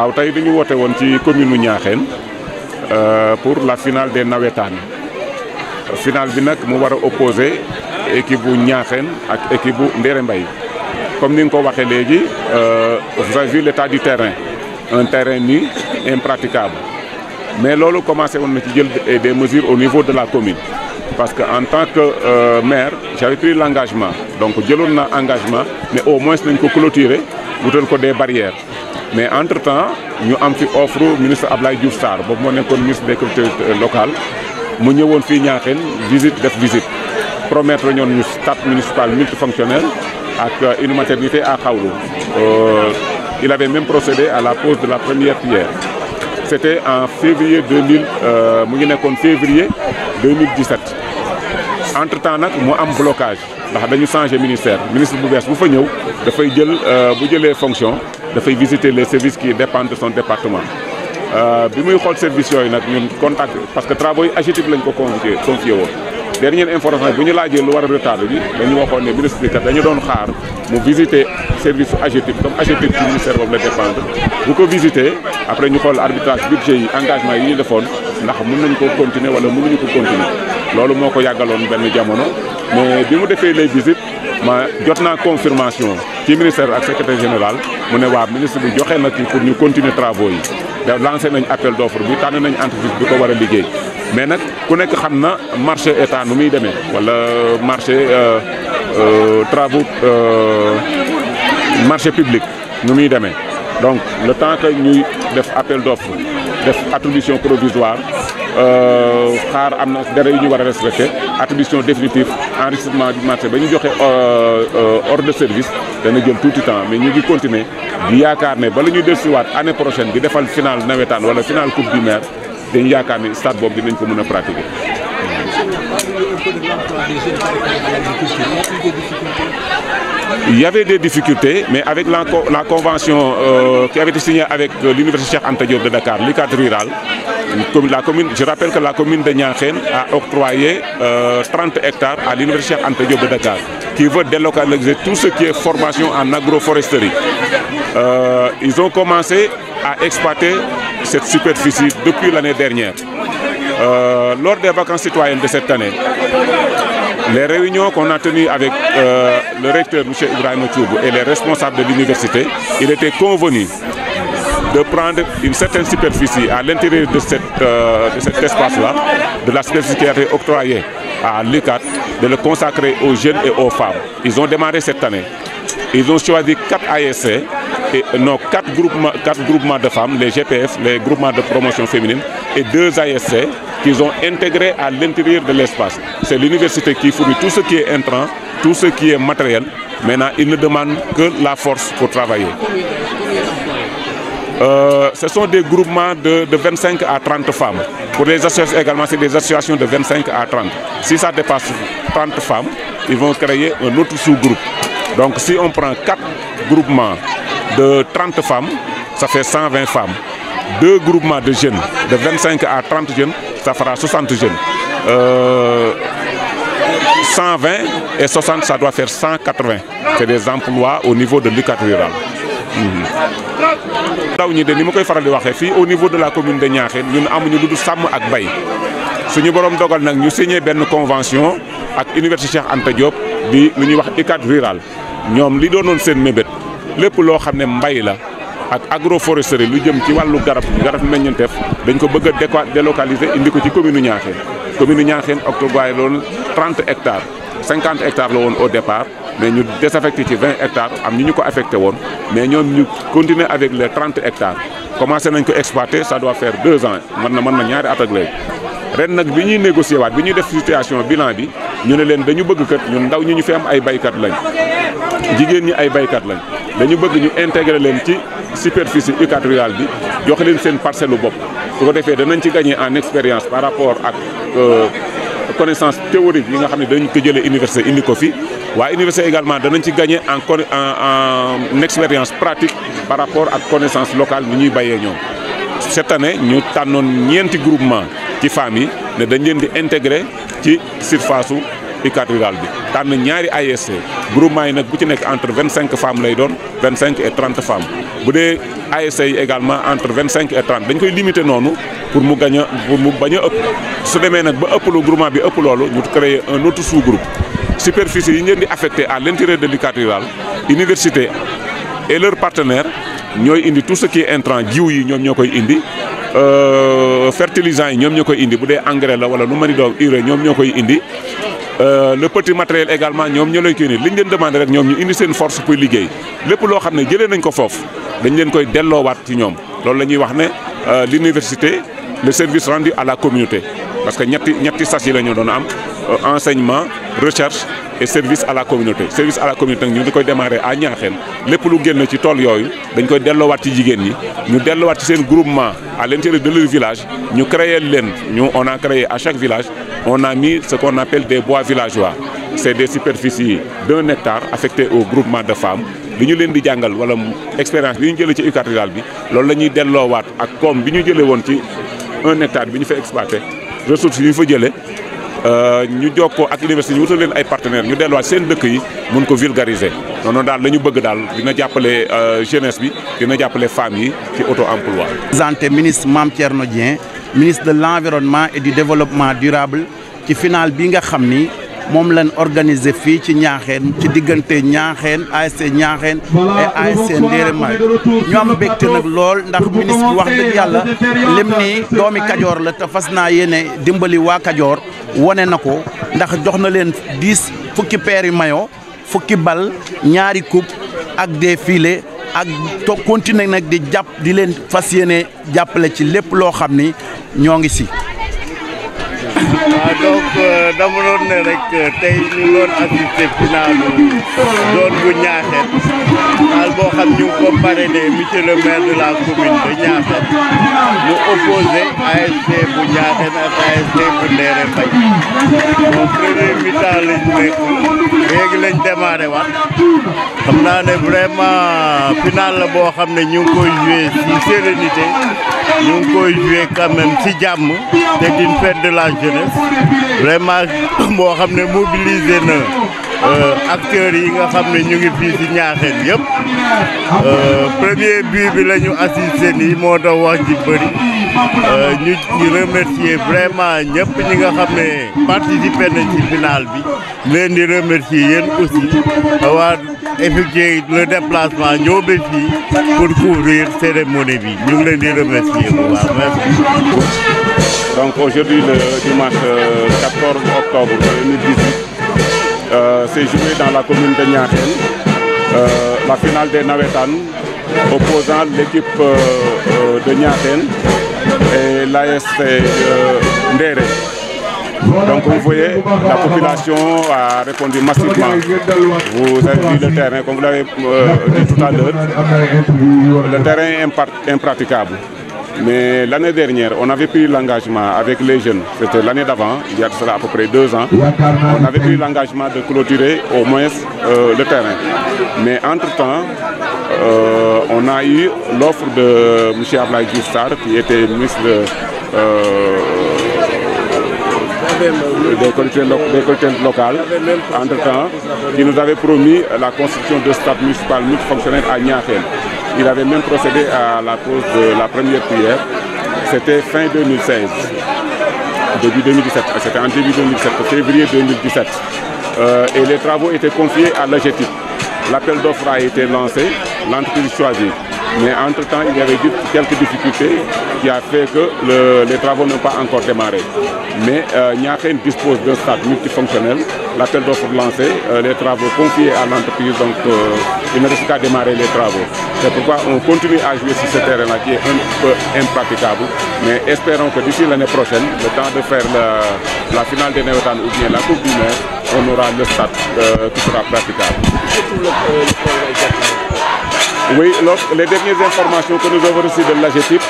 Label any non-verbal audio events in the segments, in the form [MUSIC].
waaw tey dañu woote woon ci commune u Niakhène euh, pour la finale des nawetaan finale bi nag mu war a opposé équipe bu Niakhène ak équipe bu Ndéré mbay comme ni nga ko waxee léegi euh, vous avez vu l'état du terrain un terrain nu impraticable mais loolu commencé woon na ci jël des mesures au niveau de la commune parce que en tant que euh, maire j'avais pris l'engagement donc jëloon na engagement mais au moins nañ ko clôturer wutal ko des barrières mais entre temps ñu am si offre ministre ab Diouf Sarr boobu moo nekkoon ministre des collectivités euh, locales mu ñëwoon fii Niakhène visite def visite promettre ñoon ñu stade municipal multifonctionnel ak euh, une maternité à Kaoulou euh, il avait même procédé à la pose de la première pierre c'était en février 2000 mu ngi nekkoon février 2017 entre temps nag mu am blocage ndax dañu changé ministère ministre bu bees bu fa ñëw dafay jël bu jëlee fonction dafay visiter les services qui dépendent de son département euh, bi muy xool service yooyu nag ñun contact parce que travaux yi AGETIP lañ ko convié confié woon dernière information bu ñu laajee lu war a retard bi dañu waxoon ne ministre bi kat dañu doon xaar mu visiter service AGETIP comme AGETIP ci ministère boobu la dépendre bu ko visiter après ñu xool arbitrage budget yi engagement yi ñu defoon ndax mun nañ ko continuer wala mënuñu ko continuer loolu moo ko yàggaloon benn jamono mais mu defee les visites jot naa confirmation ci ministère ak secrétaire général mu ne waa ministre bi joxe na ci pour ñu continuer travaux yi da lancé nañ appel d'offre bi tànn nañ entreprise bi ko war a liggéey mais nag ku nekk xam na marché état nu muy demee wala marché euh, euh, travaux euh, marché public nu muy demee donc le temps que ñuy def appel d'offre def attribution provisoire Euh, xaar am na dara yu ñu war a respecté attribution définitive enregistrement du ba ñu joxe euh, euh, ordre de service dana jël tuuti temps mais ñu ngi continuer di yaakaar ne ba la ñuy dellusiwaat année prochaine di defal final nawetaan wala final coupe du maire dañu yaakaar ne stade boobu dinañ ko mën a pratiquer. Il y avait des difficultés, mais avec la, la convention euh, qui avait été signée avec euh, l'Université Cheikh Anta Diop de Dakar, l'ICAT rural, la commune, je rappelle que la commune de Nianchen a octroyé euh, hectares à l'Université Cheikh Anta Diop de Dakar, qui veut délocaliser tout ce qui est formation en agroforesterie. Euh, ils ont commencé à exploiter cette superficie depuis l'année dernière. euh, lors des vacances citoyennes de cette année, les réunions qu'on a tenues avec euh, le recteur M. Ibrahim Toubou et les responsables de l'université, il était convenu de prendre une certaine superficie à l'intérieur de, cette, euh, de cet espace-là, de la superficie qui a été octroyée à l'UCAT, de le consacrer aux jeunes et aux femmes. Ils ont démarré cette année. Ils ont choisi quatre ASC, et, euh, non, quatre groupements, de femmes, les GPF, les groupements de promotion féminine, et deux ASC qu'ils ont intégré à l'intérieur de l'espace. C'est l'université qui fournit tout ce qui est intrant, tout ce qui est matériel. Maintenant, ils ne demandent que la force pour travailler. Euh, ce sont des groupements de, de, 25 à 30 femmes. Pour les associations également, c'est des associations de 25 à 30. Si ça dépasse 30 femmes, ils vont créer un autre sous-groupe. Donc si on prend 4 groupements de 30 femmes, ça fait 120 femmes. Deux groupements de jeunes, de 25 à 30 jeunes, ça fera 60 jeunes. Euh, 120 et 60, ça doit faire 180. C'est des emplois au niveau de l'UCAT rural. Mhm. ndaw ñi de ni ma koy faral di waxee fii au niveau de la commune de Niakhène ñun amuñu lu dul sàmm ak bay suñu borom dogal nag ñu signé benn convention ak université Cheikh Anta Diop di lu ñuy wax UCAT rural ñoom li doonoon seen mébét lépp loo xam ne mbay la. ak agro agroforesterie lu jëm ci wàllu garab garab meññeenteef dañ ko bëgg a délocaliser indi ko ci commune Niakhène commune Niakhène octroyé loolu 30 ectare 50 hectares la woon au départ mais ñu désaffecté ci 20 am ñu ñu ko affecté woon mais ñoom ñu continuer avec les 30 hectares nañ ko exploiter ça doit faire deux ans mën na mën na ñaari at ak léegi nag bi ñuy négocier waat bi ñuy def situation bilan bi ñu ne leen dañu bëgg kat ñun ndaw ñi ñu fi am ay baykat lañ jigéen ñi ay baykat lañ dañu bëgg ñu intégrer leen ci superficie ucatriale bi jox leen seen parcelle bopp su ko defee danañ ci gagné en expérience par rapport ak euh, connaissance théorique yi nga xam ne dañ ko jëlee université indi ko fi waaye université également danañ ci gagné en en expérience pratique par rapport ak connaissance locale bi ñuy bayee ñoom cette année ñu tànnoon ñeenti groupement ci femmes yi ne dañ leen di intégré ci surface su UCAD rural bi tànn ñaari ASC groupement yi nag bu ci nekk entre vingt cinq femmes lay doon vingt cinq et trente femmes dee ASC yi également entre vingt cinq et trente koy limiter noonu pour mu gañ a mu bañ ëpp su demee nag ba ëpp groupement bi ëpp loolu ñu créer un autre sous-groupe superficie leen di affecté à l'intérieur de l'UCAD rural université et leurs partenaires ñooy indi tout ce qui intrant jiw yi ñoom ñoo koy indi euh, fertilisants yi ñoom ñoo koy indi bu dee engrais la wala lu mën di urée ñoom ñoo koy indi Euh, le petit matériel également ñoom ñoo leen koy nii li ñu leen demande rek ñoom ñu indi seen force pour liggéey lépp loo xam ne jëlee nañ ko foofu dañ leen koy delloowaat ci ñoom loolu la ñuy wax ne euh, l'université le service rendu à la communauté parce que ñetti ñetti sas yi la ñu doon am euh, enseignement recherche et service à la communauté service à la communauté nag ñu ngi koy démarrer à Niakhène lépp lu génn ci tool yooyu dañ koy delloowaat ci jigéen ñi ñu delloowaat ci seen groupement à l'intérieur de leur village ñu leen ñu on a créé chaque village on a mis ce qu'on appelle des bois villageois c'est des superficies d'un hectare affecté au groupement de femmes li ñu leen di jàngal wala expérience bi ñu jëlee ci UCAD rural bi loolu lañuy ñuy delloowaat ak koom bi ñu jëlee woon ci un hectare bi ñu fa exploité ressources yi ñu fa jëlee Euh, ñu jokkoo ak université ñu wutal ay partenaires ñu delluwaat seen dëkk yi mun ko vulgariser noonu daal la ñu bëgg daal dina jàppale euh, jeunesse bi dina jàppale femme yi ci auto emploi. présenté ministre Mame Thierno Dieng ministre de l' environnement et du développement durable ci final bi nga xam ni moom leen organiser fii ci ñaaxeen ci diggante ñaaxeen ASC ñaaxeen et ASC Ndéere May ñu am mbégte nag lool ndax ministre wax dëgg yàlla lim ni doomi kajoor la te fas naa yéene dimbali waa kajoor wane na ko ndax jox na leen dix fukki peeri mayo fukki bal ñaari coupe ak des filets ak to continuer nag di jàpp di leen fas yéene jàppale ci lépp loo xam ni ñoo ngi si waaw ah, donc euh, dama doon ne rek euh, tey ñu doon assisté finalu zone bu Niakhène final boo xam ñu ngi ko parrainé monsieur le maire de la commune de mu opposé ASC bu Niakhène ak ASC bu Ndéré Mbaye moom premier mi-temps lañ nekk léegi lañ démarré waat xam naa ne vraiment final la boo xam ne ñu ngi koy joué si sérénité ñu ngi koy joué quand même jàmm c'est une fête de jeunesse vraiment boo [COUGHS] xam ne mobilisé na euh, acteurs yi nga xam ne ñu ngi fii ci Ñaaxeen yëpp. Euh, premier bi bi la ñu assisté nii moo tax wax ji bëri euh, ñu ñu remercier vraiment ñëpp ñi nga xam ne ci final bi leen di remercier yéen aussi waa effectuer le déplacement ñoo ba pour couvrir cérémonie bi ñu ngi leen di remercier bu baax merci. donc aujourd'hui le dimanche 14 euh, octobre 2018 euh, c'est joué dans la commune de Niakhène. la finale des Nawetan opposant l'équipe euh, euh, de Niaten et l'AS euh, Ndere. Donc vous voyez, la population a répondu massivement. Vous avez le terrain, comme vous l'avez euh, dit tout à l'heure, le terrain impraticable. Mais l'année dernière, on avait pris l'engagement avec les jeunes, c'était l'année d'avant, il y a cela à peu près deux ans, on avait pris l'engagement de clôturer au moins euh, le terrain. Mais entre-temps, euh, on a eu l'offre de M. Ablaï Star, qui était ministre de, euh, des collectivités, des collectivités locales. Entre-temps, qui nous avait promis la construction de stade municipal multifonctionnel à Niakhène. Il avait même procédé à la pose de la première pierre. C'était fin 2016, début 2017. C'était en début février euh, et les travaux étaient confiés à l'AGETIP. L'appel d'offres a été lancé, l'entreprise choisie. Mais entre-temps, il y avait quelques difficultés qui a fait que le, les travaux n'ont pas encore démarré. Mais euh, Niaken dispose d'un stade multifonctionnel, l'appel d'offres lancé, euh, les travaux confiés à l'entreprise, donc euh, il ne reste qu'à démarrer les travaux. C'est pourquoi on continue à jouer sur ce terrain-là qui est un peu impraticable. Mais espérons que d'ici l'année prochaine, le temps de faire la, finale des Néotan ou bien la Coupe du Maire, on Oui, les dernières informations que nous avons reçues de l'AGTIP,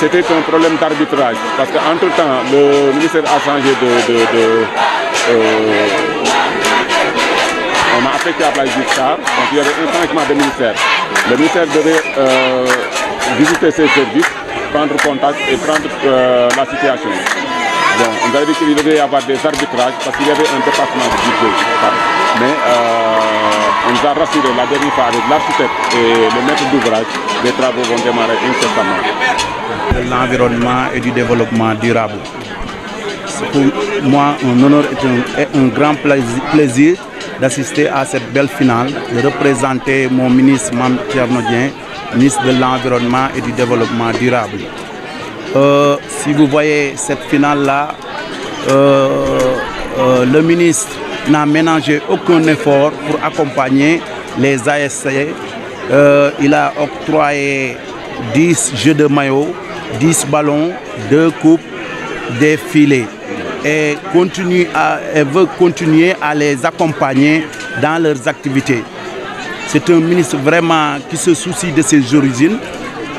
c'était un problème d'arbitrage. Parce qu'entre-temps, le ministère a changé de... de, de euh, on a affecté de ministère. Le ministère devait euh, visiter ses services, prendre contact Bon, on avait dit qu'il devait y avoir des arbitrages parce qu'il y avait un dépassement de budget. Mais euh, on nous a rassuré la dernière fois avec l'architecte et le maître d'ouvrage, les travaux vont démarrer incessamment. De l'environnement et du développement durable. C'est moi un honneur et un, grand plaisir d'assister à cette belle finale, de représenter mon ministre Mam Tchernodien, ministre de l'Environnement et du Développement durable. Euh, si vous voyez cette finale-là, euh, euh, le ministre n'a ménagé aucun effort pour accompagner les ASC. Euh, il a octroyé 10 jeux de mayo 10 ballons, 2 coupes, des filets. Et, continue à, et continuer à les accompagner dans leurs activités. C'est un ministre vraiment qui se soucie de ses origines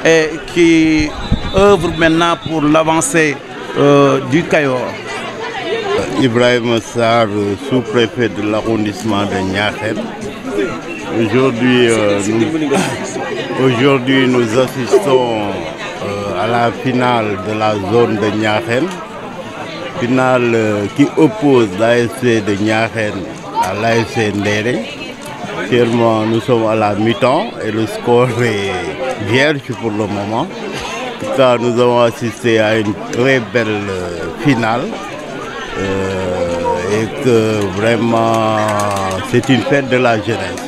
et qui œuvre maintenant pour l'avancée euh, du Cayor. Euh, Ibrahim Sarr, euh, sous-préfet de l'arrondissement de Niakhène. Aujourd'hui, euh, nous, assistons à la finale de la zone de Niakhène, finale qui oppose l'AFC de Niakhène à l'AFC Ndéré. Actuellement, nous sommes à la mi et le score est vierge pour le moment. Car nous avons assisté à une très belle euh, finale euh, et que vraiment c'est une fête de la jeunesse.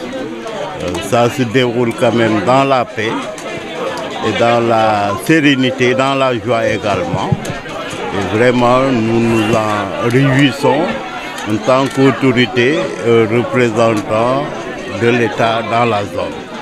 Euh, ça se déroule quand même dans la paix et dans la sérénité, dans la joie également. Et vraiment, nous nous en réjouissons en tant qu'autorité euh, représentant de l'État dans la zone.